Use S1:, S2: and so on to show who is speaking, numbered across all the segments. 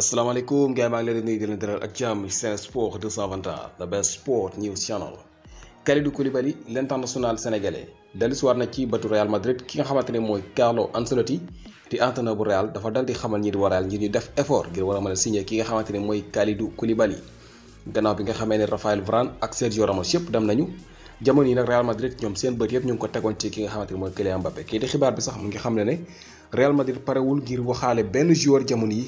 S1: asalaamaaleykum gars yi maa ngi leen di nuyu di leen dalal ak jàmm Sen Sport 221 the best sport news channel Kalidou Koulibaly l'international sénégalais dellusiwaat na ci batu Real Madrid ki nga xamante ne mooy Carlo Ancelotti di entraîneur bu Real dafa dal di xamal ñi di waa Real ngir ñu def effort ngir war a mën ki nga xamante ne mooy Kalidou Koulibaly gannaaw bi nga xamee ne Raphaël Varane ak Sergio Ramos yëpp dem nañu jamono yi nag Real Madrid ñoom seen bët yëpp ñu ngi ko tegoon ci ki nga xamante ne mooy Kylian Mbappé kii di xibaar bi sax mu ngi xam ne ne Real Madrid parewul ngir waxaale benn joueur jamono yi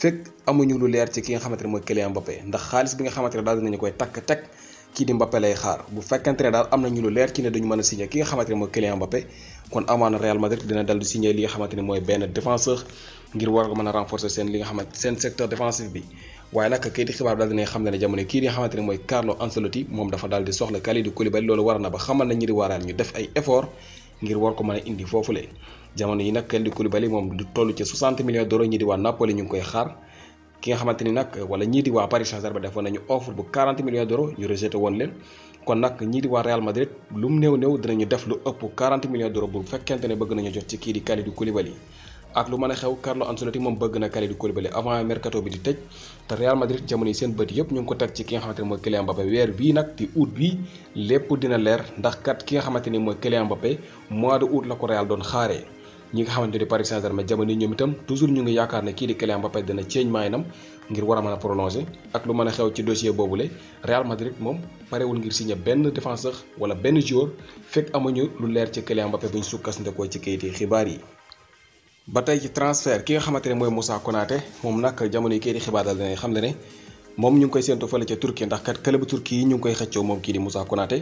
S1: fekk amuñu lu leer ci ki nga xamante ne mooy Kylian Mbappé ndax xaalis bi nga xamante ne daal dinañu koy takk teg kii di Mbappé lay xaar bu fekkante ne daal am nañu lu leer ci ne duñu mën a signé ki nga xamante ne mooy Kylian Mbappé kon amaana Real Madrid dina dal di li nga xamante ne mooy benn défenseur ngir war ko mën a renforcer seen li nga xamante seen secteur défensif bi waye nak kayiti xibaar bi daal dina xam ne jamono ki di nga xamante ne Carlo Ancelotti mom dafa dal di soxla Kalidou Koulibaly loolu war na ba xamal na ñiri waral ñu def ay effort ngir war ko mën a indi foofule jamono yi nag Kalidou Koulibaly mom du tollu ci 60 millions d'euros ñi di waa Napoli ñu koy xaar ki nga xamanteni nak wala ñii di waa Paris Saint-Germain defoon nañu offre bu 40 millions d'euros ñu rejeté won leen kon nak ñii di waa Real Madrid lu mu néew néew dinañu def lu upp 40 millions d'euros bu fekkente ne bëgg nañu jot ci ki di Kalidou Koulibaly ak lu mën a xew Carlo Ancelotti moom bëgg na Kalidou Koulibaly avant mercato bi di tëj te Real Madrid jamono yi seen bët yëpp ñu ngi ko teg ci ki nga xamante ne mooy Kylian Mbappé weer bii nag di août bi lépp dina leer ndax kat ki nga xamante ni mooy Kylian Mbappé mois de août la ko Real doon xaare ñi nga xamante ni Paris Saint-Germain jamono ñoom itam toujours ñu ngi yaakaar ne kii di Kylian Mbappé dina ceeñ maayinam ngir war a mën a prolonger ak lu mën a xew ci dossier boobule Real Madrid moom parewul ngir signé benn défenseur wala benn joueur fekk amuñu lu leer ci Kylian Mbappé buñ sukkandikoo ci kayiti xibaar yi ba tey ci transfert ki nga xamante ne mooy musa Konaté moom nag jamono yi kii di xibaar daal dina xam ne ne moom ñu ngi koy séentu fële ca Turquie ndax kat club Turquie yi ñu ngi koy xëccoo moom kii di Moussa Konaté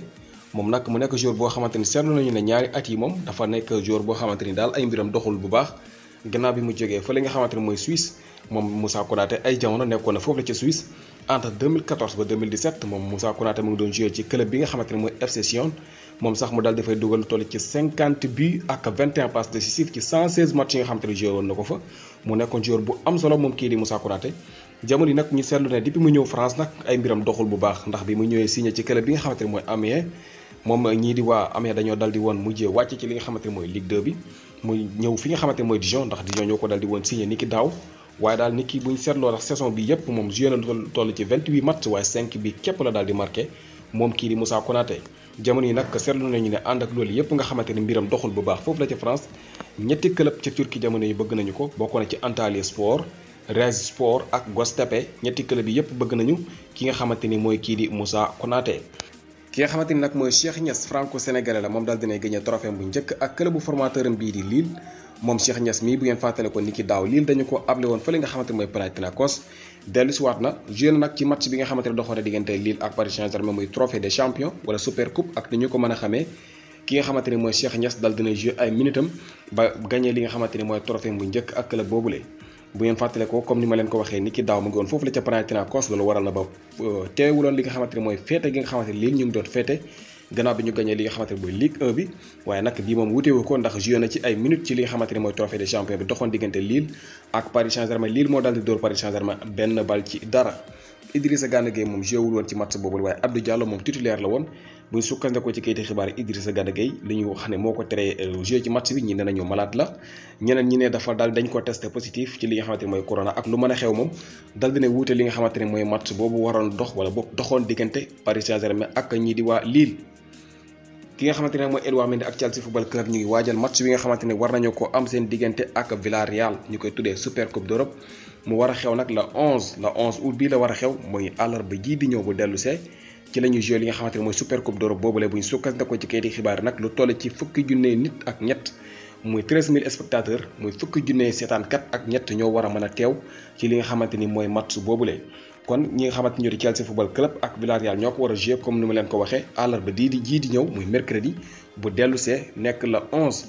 S1: moom nag mu nekk joueur boo xamante ni seetlu nañu ne ñaari at yi moom dafa nekk joueur boo xamante ni daal ay mbiram doxul bu baax gannaaw bi mu jógee li nga xamante ne mooy Suisse moom musa Konaté ay jamono nekkoon na foofu la ca Suisse entre 2014 ba 2017 moom Moussa Konaté mu ngi doon joué ci club bi nga xamante ne mooy FC Sion moom sax mu daal dafay dugal toll ci 50 buts ak 21 passes décisives ci 116 matchs yi nga xamante ne na ko fa mu nekkoon joueur bu am solo moom kii di Moussa Konaté jamono yi nag ñu seetlu ne depuis mu ñëw France nag ay mbiram doxul bu baax ndax bi mu ñëwee signé ci club bi nga xamante ne mooy Amiens moom ñii di waa Amiens dañoo dal ci li nga xamante mooy Ligue 2 bi muy mooy Dijon ko dal di woon signé ni ki waaye daal nit ki buñ ñu seetloo ndax saison bi yëpp moom joué na lu toll ci 28 match waaye bi képp la daal di marqué moom kii di Moussa Konaté jamono yi nag seetlu nañu ne ànd ak loolu yëpp nga xamante ni mbiram doxul bu baax foofu la ci France ñetti club ca Turquie jamono yi bëgg nañu ko bokk ci Antalya Sport Rize Sport ak Göztepe ñetti club yi yëpp bëgg nañu ki nga xamante ni mooy kii di Moussa Konaté. ki nga xamante ni nag mooy Cheikh Niass franco-sénégalais la moom daal dina gagné trophée bu njëkk ak club bu formateur am bii moom Cheikh Niass mii bu fàttale ko ni daaw Lille dañu ko able woon fële nga xamante ni mooy Panathinaikos dellu si waat na joué na nag ci match bi nga xamante ne doxoon na diggante Lille ak Paris muy trophée des champions wala super ak ni ñu ko mën a xamee ki nga xamante ni mooy Cheikh Niass dal dina joué ay minutes nga xamante ni mooy trophée bu njëkk ak club boobule bu ngeen fàttale ko comme ni ma leen ko waxee ni ki daaw mu ngi woon foofu la ca Panathinaikos loolu waral na ba euh, teewuloon li nga xamante ne mooy féete gi nga xamante ne lii ñu ngi doon féete gannaaw bi ñu gagné li nga xamante ne mooy Ligue 1 bi waaye trophée des champions bi doxoon diggante Lille ak Paris Saint-Germain Lille moo daal di dóor Paris Saint-Germain benn bal ci dara Idrissa Gana Gueye moom joué woon ci match boobu waaye Abdou Diallo moom titulaire la woon bu sukkandikoo ci kayiti xibaar Idrissa Gana Gueye li ñu wax ne moo ko tere euh, jouer ci match bi ñi ne nañu malade la ñeneen ñi ne dafa daal dañ ko testé positif ci li nga xamante ne mooy corona ak lu mën a xew moom dal dina wuute li nga xamante ne mooy match boobu waroon dox wala boog doxoon diggante Paris Saint-Germain ak ñi di waa ki nga xamante ne mooy Edouard Mendy ak Chelsea Football Club ñu ngi waajal match bi nga xamante ne war nañu ko am seen diggante ak Villarreal ñu koy tuddee Super Coupe d'Europe mu war a xew nag la 11 la 11 août bii la war a xew mooy àllarba ji di ñëw bu dellu see ci lañu jël joué li nga xamanteni moy super coupe d'Europe bobu lay buñ ñu sukkandikoo ci kayiti xibaar nak lu toll ci fukki junne nit ak ñett moy 13000 spectateurs moy fukki junne seetaankat ak ñett ño wara mëna tew ci li nga xamanteni moy match bobu lay kon ñi nga xamanteni ñu di Chelsea football club ak Villarreal ñoo ko war a comme ni leen ko waxee àllarba di di ji di ñëw moy mercredi bu déllu sé nek la 11.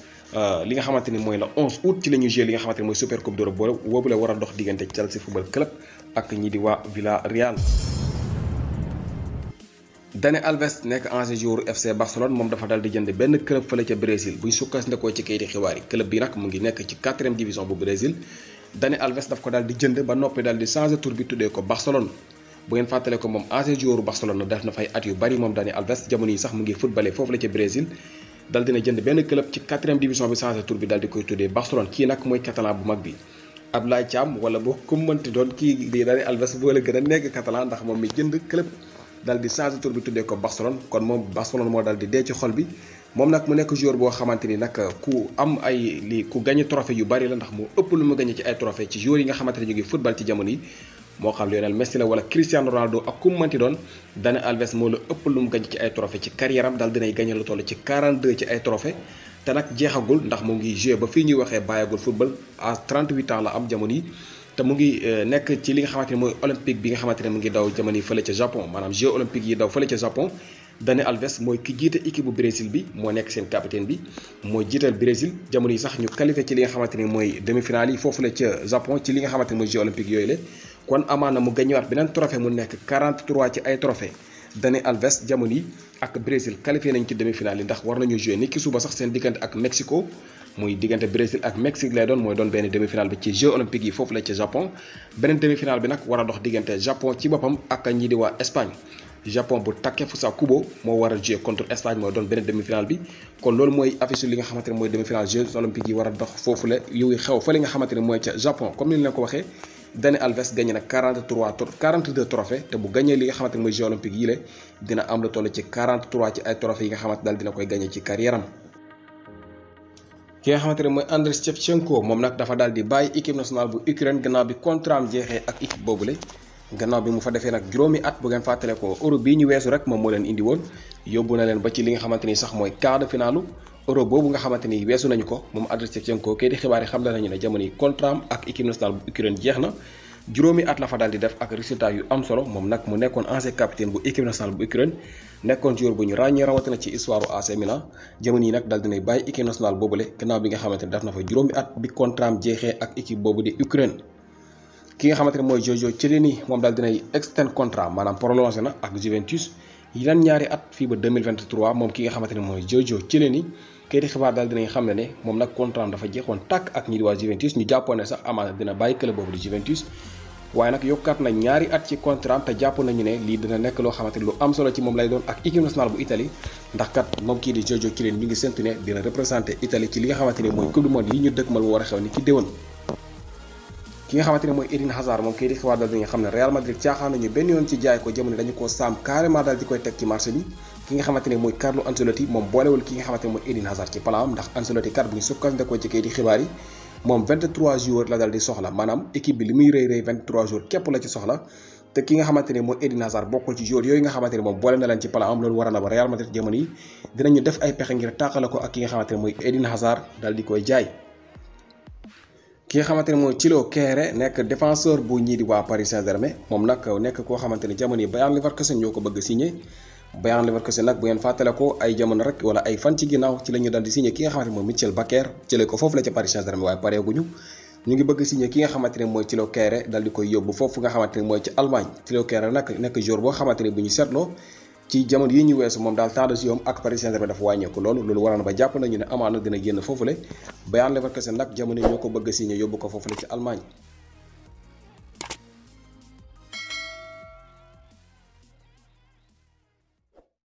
S1: li nga xamanteni moy la 11 août ci lañu jël joué li nga xamanteni moy super coupe d'Europe bobu la wara dox digënté Chelsea football club ak ñi di wa Villarreal. Dani Alves nekk ancien joueur FC Barcelone moom dafa dal di jënd benn club fële ca Brésil buñ sukkandikoo ci kayiti xibaar yi club bi nag mu ngi nekk ci quatrième division bu Brésil Dani Alves daf ko daal di jënd ba noppi daal di changé bi tuddee ko Barcelone. bu ngeen fàttale ko moom ancien Barcelone def na fay at yu bari moom Dani Alves jamono yi sax mu ngi footballé foofu la ca Brésil dal dina jënd benn club ci quatrième division bi changé a nekk catalan ndax moom dal di changé tour bi tuddee ko Barcelone kon moom Barcelone moo dal di dee ci xol bi moom nag mu nekk joueur boo xamante ni nag ku am ay li ku gañe trophée yu bari la ndax moo ëpp lu mu gañe ci ay trophée ci joueurs yi nga xamante ne ñu ngi football ci jamono yi moo xam Lionel Messi la wala Cristiano Ronaldo ak ku mu mënti doon Dani Alves moo la ëpp lu mu gañe ci ay trophée ci ay trophée te nag jeexagul ndax mu ngi joué ba fii ñuy waxee bàyyagul football à 38 ans la am jamono yi te mu ngi euh, nekk ci li nga xamante ne mooy olympique bi nga xamante ne mu ngi daw jamono yi fële ca Japon maanaam jeux olympique yi daw fële Dani Alves mooy ki jiite équipe bu Brésil bi moo nekk seen capitaine bi mooy jiital Brésil jamono yi sax ñu qualifié ci li nga xamante ni mooy demi-finale yi foofu la ca Japon ci li nga xamante ne mooy jeux olympiques yooyu la kon amaana mu gañuwaat beneen trophée mu nekk 43 ci ay trophée dane Alves jamono yi ak Brésil qualifié nañ ci demi-finale yi ndax war nañu jouer niki suba sax seen diggante ak Mexico muy diggante Brésil ak Mexique lay doon mooy doon benn demi-finale bi ci Jeux olympiques yi foofu la ci Japon beneen demi-finale bi nag war a dox diggante Japon ci boppam ak ñi di waa Espagne Japon bu Takefusa Kubo moo war a jouer contre Espagne mooy doon beneen demi-finale bi kon loolu mooy affiche li nga xamante ne mooy demi-finale Jeux olympiques yi war a dox foofu la yuy xew fa li nga xamante ne mooy ca Japon comme ni ñu leen ko waxee Dani Alves gagné na 43 42 trophées té bu gagné li nga xamanté moy Jeux olympiques yi lé dina am lu toll ci 43 ci ay trophées yi nga xamanté dal dina koy gagné ci carrière am ki nga xamanté moy mooy Andriy Shevchenko mom nak dafa dal di bay équipe nationale bu Ukraine gannaaw bi contrat am jeexee ak équipe lé gannaaw bi mu fa défé nak juróomi at bu gën fatalé ko euro bi ñu wésu rek mom mo leen indi won yobuna leen ba ci li nga xamanté ni sax moy quart de finalu euro boobu nga xamanteni wessu weesu nañu ko moom adrestevchenko kay di xibaari xam la nañu ne jamono yi contram ak équipe nationale bu ukraine jeex na juróomi at la fa daldi def ak résultat yu am solo mom nak mu nekkoon ancien capitaine bu équipe nationale bu ukraine nekkoon joueur bu ñu ràññee rawatina ci histoire AC Milan jamono yi nag dal dinay bàyyi équipe nationale boobule gannaaw bi nga xamanteni ni def na fa juróomi at bi contram jeexee ak équipe boobu di ukraine ki nga xamanteni ne mooy Jojo Chiellini moom daal dinay extend contrat maanaam prolongé na ak Juventus yeneen ñaari at fii ba 2023 moom ki nga xamante ne mooy Jojo Chiellini këyit xibaar daal dinañ xam ne ne moom nag contrat dafa jeexoon tàkk ak ñi di waa Juventus ñu jàppoon ne sax amaana dina bàyyi club boobu di Juventus waaye nag yokkaat na ñaari at ci contrat te jàpp nañu ne lii dina nekk loo xamante lu am solo ci moom lay doon ak équipe nationale bu Italie ndax kat moom kii di Giorgio Chiellini mi ngi séntu ne dina représenté Italie ci li nga xamante ne mooy coupe du yi ñu dëkk mal mu war a xew ni ki déwén yoon jaay ko jamono ki nga xamante ne mooy Carlo Ancelotti moom boolewul ki nga xamante ne mooy Eden Hazard ci plan am ndax Ancelotti kat bu ñu sukkandikoo ci kayit yi xibaar yi moom 23 joueurs la dal di soxla maanaam équipe bi li muy rëy rëy 23 joueurs képp la ci soxla te ki nga xamante ne mooy Eden Hazard bokkul ci joueurs yooyu nga xamante ne moom boole na leen ci plan am loolu war na ba Real Madrid jamono yi dinañu def ay pexe ngir tàqale ko ak ki nga xamante mooy Eden Hazard dal di koy jaay ki nga xamante ne mooy Thilo nekk défenseur bu ñii di waa Paris Saint-Germain moom nag nekk koo xamante ne jamono yi Bayer ko bëgg Bayer Leverkusen nag bu ngeen fàttale ko ay jamono rek wala ay fan ci ginnaaw ci la ñu dal di signé ki nga xamante ne mooy Michel Bakker jëlee ko foofu la ca Paris Saint-Germain ki nga xamante ne mooy Thilo Kehrer dal di koy yóbbu ne mooy ci Allemagne Thilo Kehrer nag nekk joueur boo xamante ne bu ñu seetloo ci jamono yi ñu weesu moom daal temps de jeu ak Paris Saint-Germain dafa wàññeeku loolu loolu waroon ba jàpp nañu ne amaana dina génn foofule Bayer Leverkusen nag jamono ñoo ko bëgg signé yóbbu ko foofule ci Allemagne